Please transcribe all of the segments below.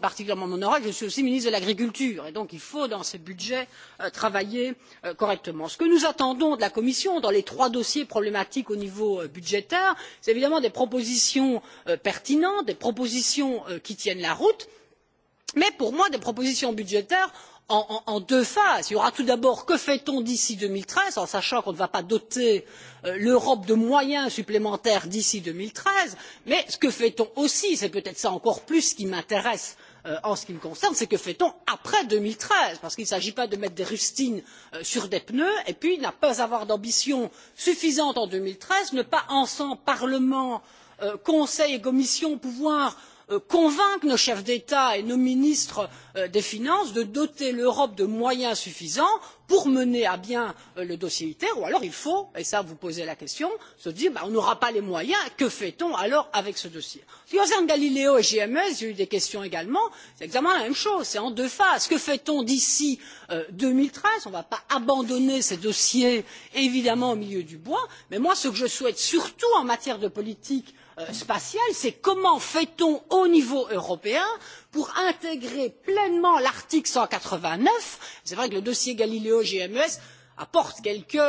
particulièrement mon oral, je suis aussi ministre de l'Agriculture et donc il faut dans ces budgets euh, travailler euh, correctement. Ce que nous attendons de la Commission dans les trois dossiers problématiques au niveau euh, budgétaire, c'est évidemment des propositions euh, pertinentes, des propositions euh, qui tiennent la route, mais pour moi des propositions budgétaires en, en, en deux phases. Il y aura tout d'abord que fait-on d'ici deux mille treize, en sachant qu'on ne va pas doter euh, l'Europe de moyens supplémentaires d'ici deux mille treize, mais ce que fait-on aussi, c'est peut-être ça encore plus qui m'intéresse euh, en ce qui me concerne, c'est que fait-on après deux mille treize, parce qu'il ne s'agit pas de mettre des rustines euh, sur des pneus, et puis ne pas avoir d'ambition suffisante en deux mille treize, ne pas ensemble Parlement, euh, Conseil et Commission pouvoir Euh, convaincre nos chefs d'État et nos ministres euh, des Finances de doter l'Europe de moyens suffisants pour mener à bien euh, le dossier ITER, ou alors il faut, et ça vous posez la question, se dire bah, on n'aura pas les moyens, que fait-on alors avec ce dossier En ce qui concerne Galileo et GMS, a eu des questions également, c'est exactement la même chose, c'est en deux phases. Que fait-on d'ici deux mille treize On ne va pas abandonner ces dossiers, évidemment, au milieu du bois, mais moi, ce que je souhaite surtout en matière de politique Euh, spatiale, c'est comment fait-on au niveau européen pour intégrer pleinement l'article 189 C'est vrai que le dossier Galileo GMES apporte quelques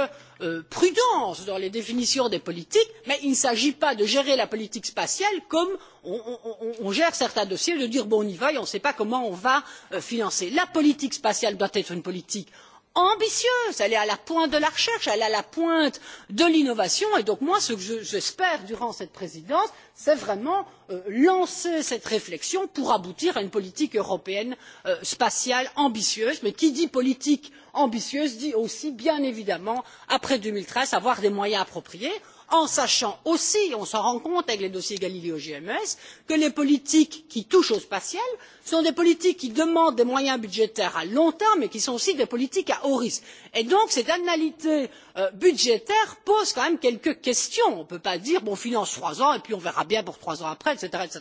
euh, prudences dans les définitions des politiques, mais il ne s'agit pas de gérer la politique spatiale comme on, on, on gère certains dossiers, de dire bon on y va et on ne sait pas comment on va euh, financer. La politique spatiale doit être une politique ambitieuse, elle est à la pointe de la recherche, elle est à la pointe de l'innovation et donc moi ce que j'espère durant cette présidence, c'est vraiment euh, lancer cette réflexion pour aboutir à une politique européenne euh, spatiale ambitieuse, mais qui dit politique ambitieuse dit aussi bien évidemment après deux mille treize avoir des moyens appropriés en sachant aussi on s'en rend compte avec les dossiers Galileo GMS que les politiques qui touchent au spatial Ce sont des politiques qui demandent des moyens budgétaires à long terme, mais qui sont aussi des politiques à haut risque. Et donc, cette analité euh, budgétaire pose quand même quelques questions. On ne peut pas dire, bon, on finance trois ans et puis on verra bien pour trois ans après, etc. etc.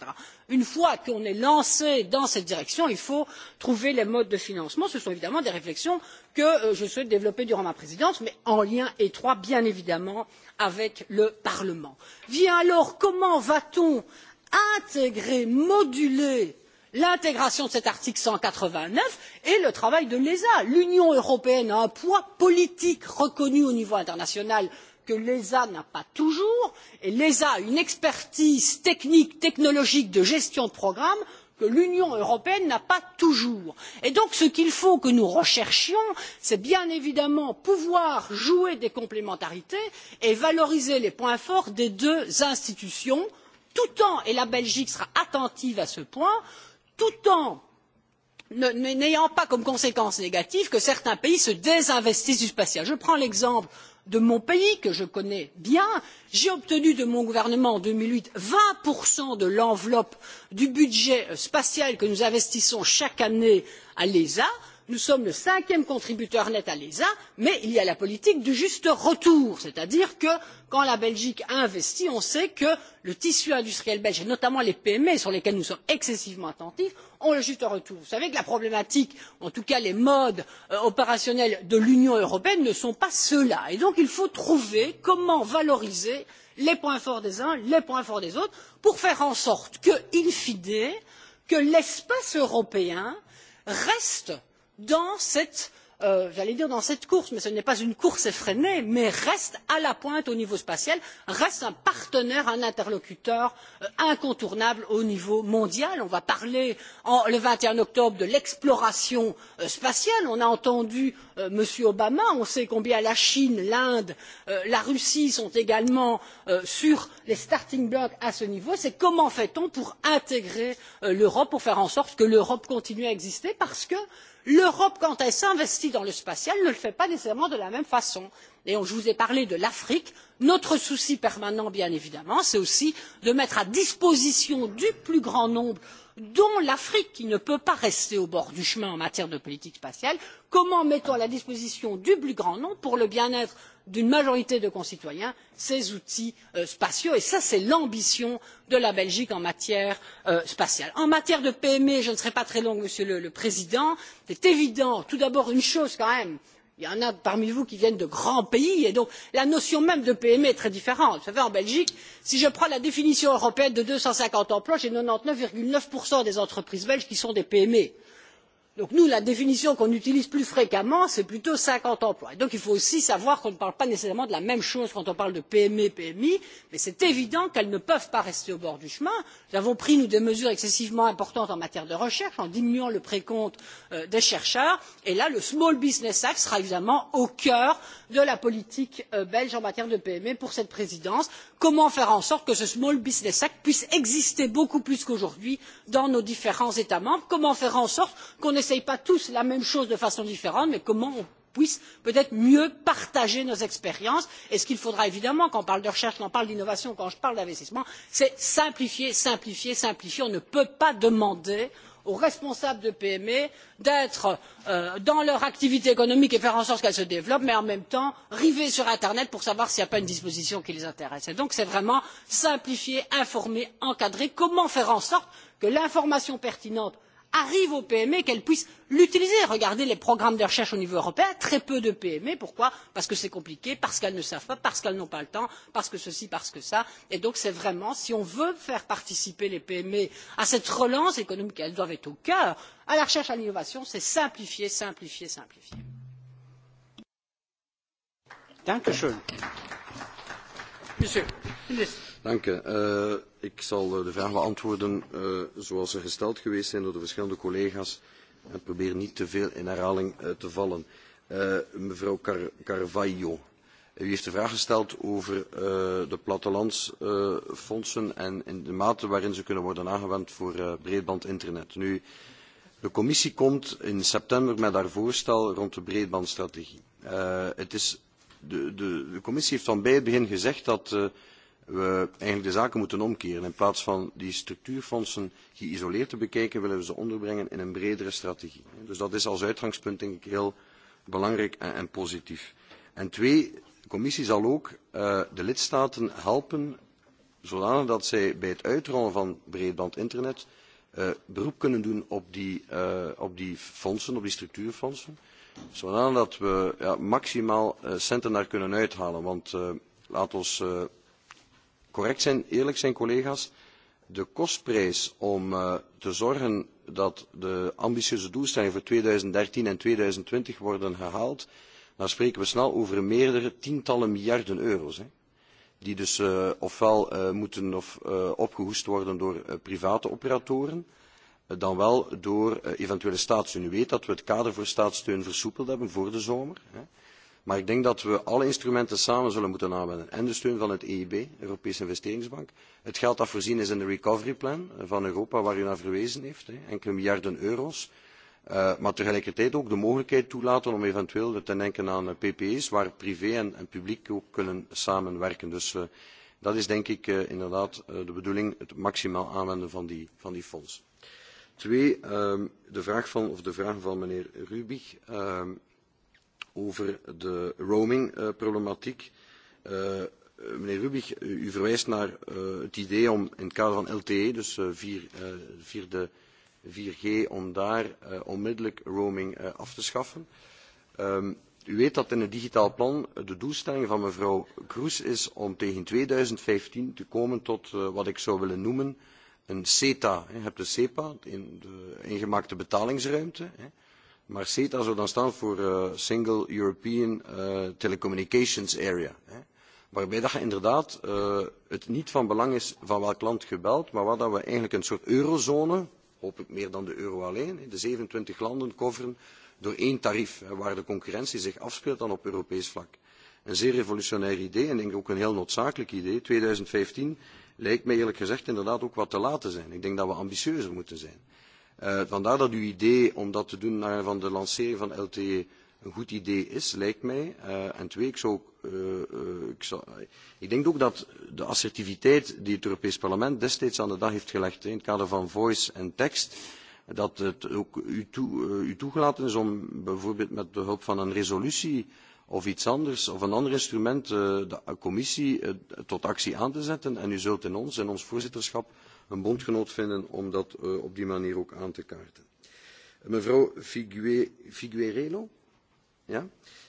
Une fois qu'on est lancé dans cette direction, il faut trouver les modes de financement. Ce sont évidemment des réflexions que euh, je souhaite développer durant ma présidence, mais en lien étroit, bien évidemment, avec le Parlement. Vient alors, comment va-t-on intégrer, moduler l'intégration de cet article cent quatre vingt neuf et le travail de l'esa. l'union européenne a un poids politique reconnu au niveau international que l'esa n'a pas toujours et l'esa a une expertise technique technologique de gestion de programme que l'union européenne n'a pas toujours. Et donc ce qu'il faut que nous recherchions c'est bien évidemment pouvoir jouer des complémentarités et valoriser les points forts des deux institutions tout en et la belgique sera attentive à ce point tout en n'ayant pas comme conséquence négative que certains pays se désinvestissent du spatial. Je prends l'exemple de mon pays que je connais bien. J'ai obtenu de mon gouvernement en deux mille huit vingt de l'enveloppe du budget spatial que nous investissons chaque année à l'ESA nous sommes le cinquième contributeur net à l'esa mais il y a la politique du juste retour c'est à dire que quand la belgique investit on sait que le tissu industriel belge et notamment les pme sur lesquelles nous sommes excessivement attentifs ont le juste retour. vous savez que la problématique en tout cas les modes euh, opérationnels de l'union européenne ne sont pas ceux là et donc il faut trouver comment valoriser les points forts des uns les points forts des autres pour faire en sorte que in fine que l'espace européen reste dans cette euh, j'allais dire dans cette course mais ce n'est pas une course effrénée mais reste à la pointe au niveau spatial reste un partenaire un interlocuteur euh, incontournable au niveau mondial. on va parler le vingt et un octobre de l'exploration euh, spatiale on a entendu m. obama on sait combien la chine l'inde la russie sont également sur les starting blocks à ce niveau c'est comment fait on pour intégrer l'europe pour faire en sorte que l'europe continue à exister parce que L'Europe, quand elle s'investit dans le spatial, ne le fait pas nécessairement de la même façon. Et je vous ai parlé de l'Afrique. Notre souci permanent, bien évidemment, c'est aussi de mettre à disposition du plus grand nombre, dont l'Afrique qui ne peut pas rester au bord du chemin en matière de politique spatiale, comment mettons à la disposition du plus grand nombre pour le bien-être d'une majorité de concitoyens ces outils euh, spatiaux et c'est l'ambition de la Belgique en matière euh, spatiale. En matière de PME, je ne serai pas très longue, Monsieur le, le Président, c'est évident, tout d'abord une chose quand même, il y en a parmi vous qui viennent de grands pays et donc la notion même de PME est très différente. Vous savez, en Belgique, si je prends la définition européenne de deux cent cinquante emplois, j'ai neuf neuf des entreprises belges qui sont des PME. Donc nous, la définition qu'on utilise plus fréquemment, c'est plutôt cinquante emplois. Et donc il faut aussi savoir qu'on ne parle pas nécessairement de la même chose quand on parle de PME, PMI, mais c'est évident qu'elles ne peuvent pas rester au bord du chemin. Nous avons pris, nous, des mesures excessivement importantes en matière de recherche, en diminuant le précompte euh, des chercheurs. Et là, le Small Business Act sera évidemment au cœur de la politique euh, belge en matière de PME pour cette présidence. Comment faire en sorte que ce Small Business Act puisse exister beaucoup plus qu'aujourd'hui dans nos différents États membres Comment faire en sorte qu'on n'essayent pas tous la même chose de façon différente, mais comment on puisse peut être mieux partager nos expériences et ce qu'il faudra évidemment quand on parle de recherche, quand on parle d'innovation, quand je parle d'investissement, c'est simplifier, simplifier, simplifier. On ne peut pas demander aux responsables de PME d'être euh, dans leur activité économique et faire en sorte qu'elle se développe, mais en même temps river sur Internet pour savoir s'il n'y a pas une disposition qui les intéresse. Et donc c'est vraiment simplifier, informer, encadrer, comment faire en sorte que l'information pertinente arrive aux PME, qu'elles puissent l'utiliser. Regardez les programmes de recherche au niveau européen, très peu de PME. Pourquoi Parce que c'est compliqué, parce qu'elles ne savent pas, parce qu'elles n'ont pas le temps, parce que ceci, parce que ça. Et donc c'est vraiment, si on veut faire participer les PME à cette relance économique, elles doivent être au cœur, à la recherche, à l'innovation, c'est simplifier, simplifier, simplifier. Dankeschön. Dank u. Uh, ik zal eh, de vraag beantwoorden uh, zoals ze er gesteld geweest zijn door de verschillende collega's en probeer niet te veel in herhaling uh, te vallen. Uh, mevrouw Car Carvalho, u heeft de vraag gesteld over uh, de plattelandsfondsen uh, en in de mate waarin ze kunnen worden aangewend voor uh, breedband internet. Nu, de commissie komt in september met haar voorstel rond de breedbandstrategie. Uh, het is de, de, commissie heeft van bij het begin gezegd dat uh, we eigenlijk de zaken moeten omkeren. In plaats van die structuurfondsen geïsoleerd te bekijken, willen we ze onderbrengen in een bredere strategie. Dus dat is als uitgangspunt denk ik heel belangrijk en, en positief. En twee, de commissie zal ook uh, de lidstaten helpen zodanig dat zij bij het uitrollen van breedband internet uh, beroep kunnen doen op die, uh, op die fondsen, op die structuurfondsen. Zodanig dat we ja, maximaal uh, centen daar kunnen uithalen. Want uh, laat ons uh, correct zijn, eerlijk zijn collega's. De kostprijs om uh, te zorgen dat de ambitieuze doelstellingen voor 2013 en 2020 worden gehaald, dan spreken we snel over meerdere tientallen miljarden euro's. Hè, die dus uh, ofwel uh, moeten of, uh, opgehoest worden door uh, private operatoren, Eh, dan wel door eh, eventuele staatssteun. U weet dat we het kader voor staatssteun versoepeld hebben voor de zomer. Maar ik denk dat we alle instrumenten samen zullen moeten aanwenden. En de steun van het EIB, Europese Investeringsbank. Het geld dat voorzien is in de recovery plan eh, van Europa, waar u naar verwezen heeft. Enkele miljarden euro's. Uh, maar tegelijkertijd ook de mogelijkheid toelaten om eventueel te denken aan PPE's, waar privé en, en publiek ook kunnen samenwerken. Dus uh, dat is denk ik uh, inderdaad uh, de bedoeling, het maximaal aanwenden van die, van die fondsen. Twee, um, de, vraag van, of de vraag van meneer Rubig um, over de roaming-problematiek. Eh, uh, eh, uh, meneer Rubig, u, u verwijst naar uh, het idee om in het kader van LTE, dus uh, vier, uh, vierde 4G, om daar uh, onmiddellijk roaming uh, af te schaffen. Um, u weet dat in het digitaal plan de doelstelling van mevrouw Kroes is om tegen 2015 te komen tot uh, wat ik zou willen noemen een CETA, je hebt de CEPA, in de ingemaakte betalingsruimte. Maar CETA zou dan staan voor uh, Single European uh, Telecommunications Area. Hè, waarbij dat je inderdaad uh, het niet van belang is van welk land je belt, maar waar dat we eigenlijk een soort eurozone, hopelijk meer dan de euro alleen, hè, de 27 landen coveren door één tarief, hè, waar de concurrentie zich afspeelt dan op Europees vlak. Een zeer revolutionair idee en denk ik ook een heel noodzakelijk idee. 2015 lijkt mij eerlijk gezegd inderdaad ook wat te laat te zijn. Ik denk dat we ambitieuzer moeten zijn. Uh, vandaar dat uw idee om dat te doen naar van de lancering van LTE een goed idee is, lijkt mij. Uh, en twee, ik, zou, uh, uh, ik, zou, ik denk ook dat de assertiviteit die het Europees Parlement destijds aan de dag heeft gelegd in het kader van voice en tekst, dat het ook u, toe, uh, u toegelaten is om bijvoorbeeld met de hulp van een resolutie of iets anders of een ander instrument eh, de commissie eh, tot actie aan te zetten. En u zult in ons, in ons voorzitterschap, een bondgenoot vinden om dat eh, op die manier ook aan te kaarten. Mevrouw Figue, Figuerelo? Ja?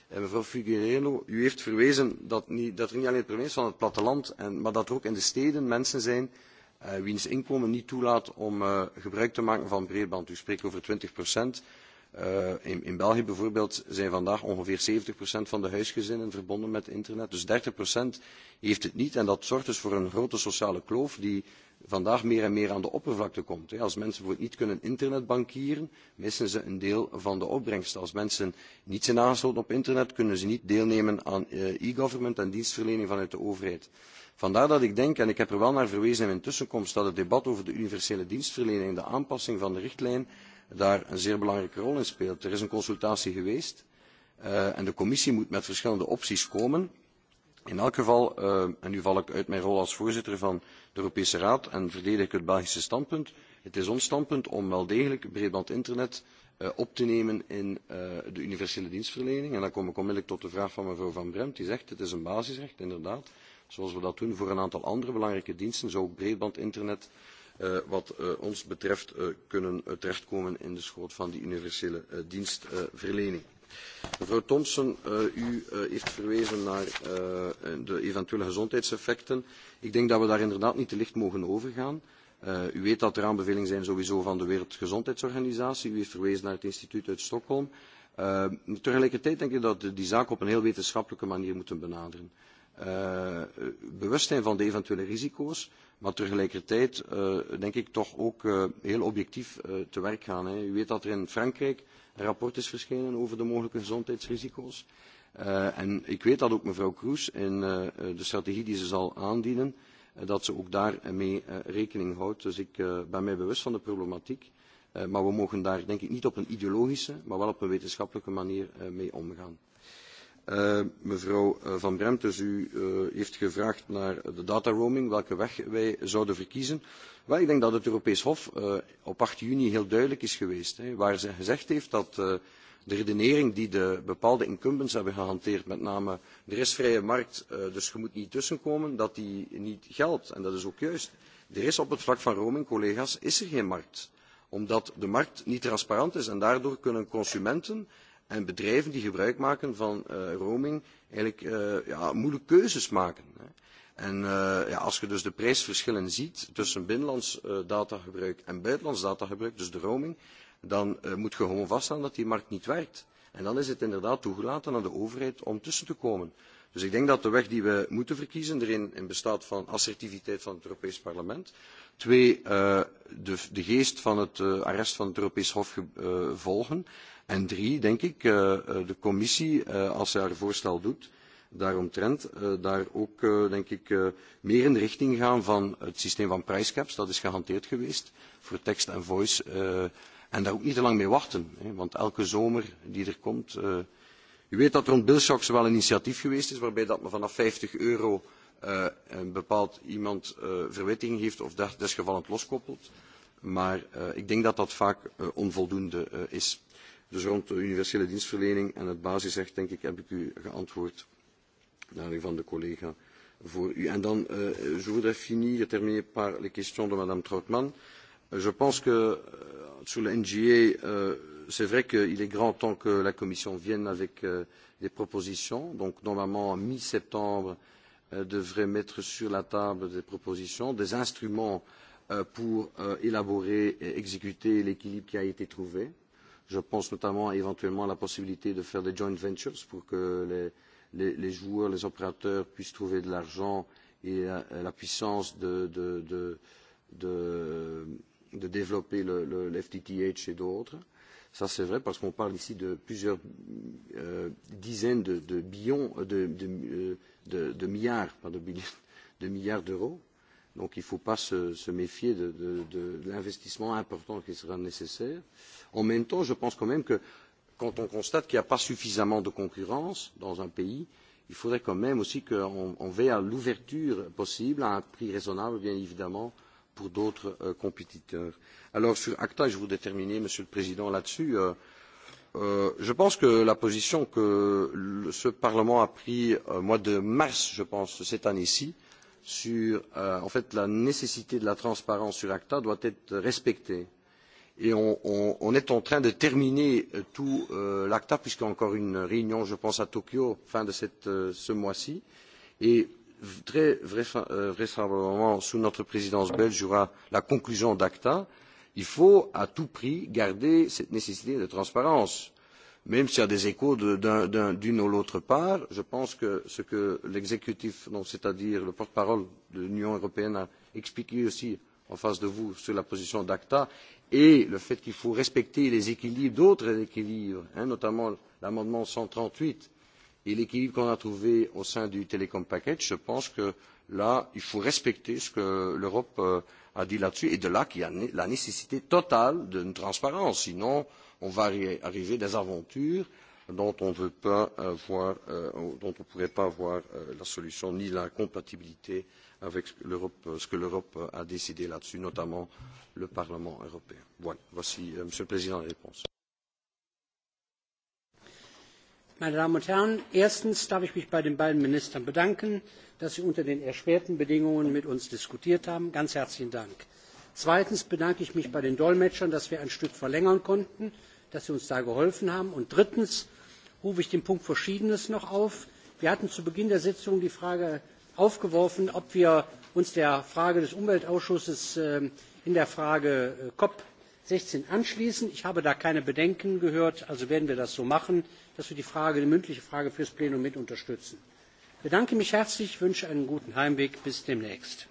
En mevrouw Figuerelo, u heeft verwezen dat, niet, dat er niet alleen het probleem is van het platteland, en, maar dat er ook in de steden mensen zijn uh, wiens inkomen niet toelaat om uh, gebruik te maken van breedband. U spreekt over 20 procent. Uh, in, in België bijvoorbeeld zijn vandaag ongeveer 70% van de huisgezinnen verbonden met internet. Dus 30% heeft het niet. En dat zorgt dus voor een grote sociale kloof die vandaag meer en meer aan de oppervlakte komt. Hè. Als mensen bijvoorbeeld niet kunnen internetbankieren, missen ze een deel van de opbrengst. Als mensen niet zijn aangesloten op internet, kunnen ze niet deelnemen aan eh, e-government en dienstverlening vanuit de overheid. Vandaar dat ik denk, en ik heb er wel naar verwezen in mijn tussenkomst, dat het debat over de universele dienstverlening, de aanpassing van de richtlijn, daar een zeer belangrijke rol in speelt. Er is een consultatie geweest uh, en de commissie moet met verschillende opties komen. In elk geval, uh, en nu val ik uit mijn rol als voorzitter van de Europese Raad en verdedig ik het Belgische standpunt. Het is ons standpunt om wel degelijk breedband internet uh, op te nemen in uh, de universele dienstverlening. En dan kom ik onmiddellijk tot de vraag van mevrouw Van Bremt, die zegt het is een basisrecht, inderdaad. Zoals we dat doen voor een aantal andere belangrijke diensten, zo breedband internet uh, wat uh, ons betreft uh, kunnen uh, terechtkomen in de schoot van die universele uh, dienstverlening. Uh, Mevrouw Thompson, uh, u uh, heeft verwezen naar uh, de eventuele gezondheidseffecten. Ik denk dat we daar inderdaad niet te licht mogen overgaan. Uh, u weet dat er aanbevelingen zijn sowieso van de Wereldgezondheidsorganisatie. U heeft verwezen naar het instituut uit Stockholm. Uh, tegelijkertijd denk ik dat we die zaak op een heel wetenschappelijke manier moeten benaderen. Eh, bewust zijn van de eventuele risico's, maar tegelijkertijd uh, denk ik toch ook uh, heel objectief uh, te werk gaan. Hè. U weet dat er in Frankrijk een rapport is verschenen over de mogelijke gezondheidsrisico's. Uh, en ik weet dat ook mevrouw Kroes in uh, de strategie die ze zal aandienen, uh, dat ze ook daarmee uh, rekening houdt. Dus ik uh, ben mij bewust van de problematiek. Uh, maar we mogen daar denk ik niet op een ideologische, maar wel op een wetenschappelijke manier uh, mee omgaan. Uh, mevrouw eh, Van Bremtes, dus u uh, heeft gevraagd naar de data roaming, welke weg wij zouden verkiezen. Wel, ik denk dat het Europees Hof uh, op 8 juni heel duidelijk is geweest, hè, waar ze gezegd heeft dat uh, de redenering die de bepaalde incumbents hebben gehanteerd, met name er is vrije markt, uh, dus je moet niet tussenkomen, dat die niet geldt. En dat is ook juist. Er is op het vlak van roaming, collega's, is er geen markt. Omdat de markt niet transparant is en daardoor kunnen consumenten En bedrijven die gebruik maken van uh, roaming eigenlijk uh, ja, moeilijke keuzes maken. Hè. En uh, ja, als je dus de prijsverschillen ziet tussen binnenlands uh, datagebruik en buitenlands datagebruik, dus de roaming, dan uh, moet je gewoon vaststellen dat die markt niet werkt. En dan is het inderdaad toegelaten aan de overheid om tussen te komen. Dus ik denk dat de weg die we moeten verkiezen erin in bestaat van assertiviteit van het Europees Parlement. Twee, uh, de, de geest van het uh, arrest van het Europees Hof uh, volgen. En drie, denk ik, eh, eh, de commissie, eh, als ze haar voorstel doet, daaromtrent, daar ook, denk ik, meer in de richting gaan van het systeem van prijscaps. Dat is gehanteerd geweest voor tekst en voice. En daar ook niet te lang mee wachten, want elke zomer die er komt... U weet dat er rond Bilshocks wel een initiatief geweest is waarbij dat men vanaf 50 euro uh, een bepaald iemand uh, verwittiging heeft of desgevallend loskoppelt. Maar uh, ik denk dat dat vaak uh, onvoldoende uh, is. Dus rond de universele dienstverlening en het basisrecht, denk ik, heb ik u geantwoord naar die van de collega voor u. En dan, uh, je voudrais finir, terminer par les questions de Madame Trautmann. Eh, je pense que eh, sur le NGA, euh, c'est vrai qu'il est grand temps que la Commission vienne avec euh, des propositions. Donc, normalement, à mi-septembre, elle devrait mettre sur la table des propositions, des instruments euh, pour euh, élaborer et exécuter l'équilibre qui a été trouvé. Euh, Je pense notamment éventuellement à la possibilité de faire des joint ventures pour que les, les, les joueurs, les opérateurs puissent trouver de l'argent et la, la puissance de, de, de, de, de développer le, le, le FTTH et d'autres. Ça, c'est vrai parce qu'on parle ici de plusieurs euh, dizaines de, de, billions, euh, de, de, euh, de, de milliards, pas de, billions, de milliards d'euros. Donc il ne faut pas se, se méfier de, de, de l'investissement important qui sera nécessaire. En même temps, je pense quand même que quand on constate qu'il n'y a pas suffisamment de concurrence dans un pays, il faudrait quand même aussi qu'on on veille à l'ouverture possible à un prix raisonnable, bien évidemment, pour d'autres euh, compétiteurs. Alors sur ACTA, je voudrais terminer, Monsieur le Président, là-dessus. Euh, euh, je pense que la position que le, ce Parlement a prise euh, au mois de mars, je pense, cette année-ci, sur euh, en fait la nécessité de la transparence sur ACTA doit être respectée. Et on, on, on est en train de terminer euh, tout euh, l'ACTA, puisqu'il y a encore une réunion, je pense, à Tokyo, fin de cette, euh, ce mois-ci. Et très euh, vraisemblablement, sous notre présidence belge, il y aura la conclusion d'ACTA. Il faut à tout prix garder cette nécessité de transparence même s'il y a des échos d'une de, ou l'autre part, je pense que ce que l'exécutif, c'est-à-dire le porte-parole de l'Union européenne, a expliqué aussi en face de vous sur la position d'ACTA et le fait qu'il faut respecter les équilibres, d'autres équilibres, hein, notamment l'amendement cent trente huit et l'équilibre qu'on a trouvé au sein du Telecom Package, je pense que là, il faut respecter ce que l'Europe euh, a dit là-dessus et de là qu'il y a la nécessité totale d'une transparence. Sinon, on va arriver des aventures dont on veut pas euh, voir euh, dont on ne pourrait pas avoir euh, la solution ni la compatibilité avec ce que l'Europe euh, euh, a décidé là-dessus, notamment le Parlement européen. Voilà, voici, euh, Monsieur le Président, la réponse. Meine Damen und Herren, erstens darf ich mich bei den beiden Ministern bedanken, dass sie unter den erschwerten Bedingungen mit uns diskutiert haben. Ganz herzlichen Dank. Zweitens bedanke ich mich bei den Dolmetschern, dass wir ein Stück verlängern konnten dass Sie uns da geholfen haben. Und drittens rufe ich den Punkt Verschiedenes noch auf. Wir hatten zu Beginn der Sitzung die Frage aufgeworfen, ob wir uns der Frage des Umweltausschusses ähm, in der Frage äh, COP 16 anschließen. Ich habe da keine Bedenken gehört, also werden wir das so machen, dass wir die Frage, die mündliche Frage fürs Plenum mit unterstützen. Ich bedanke mich herzlich, wünsche einen guten Heimweg, bis demnächst.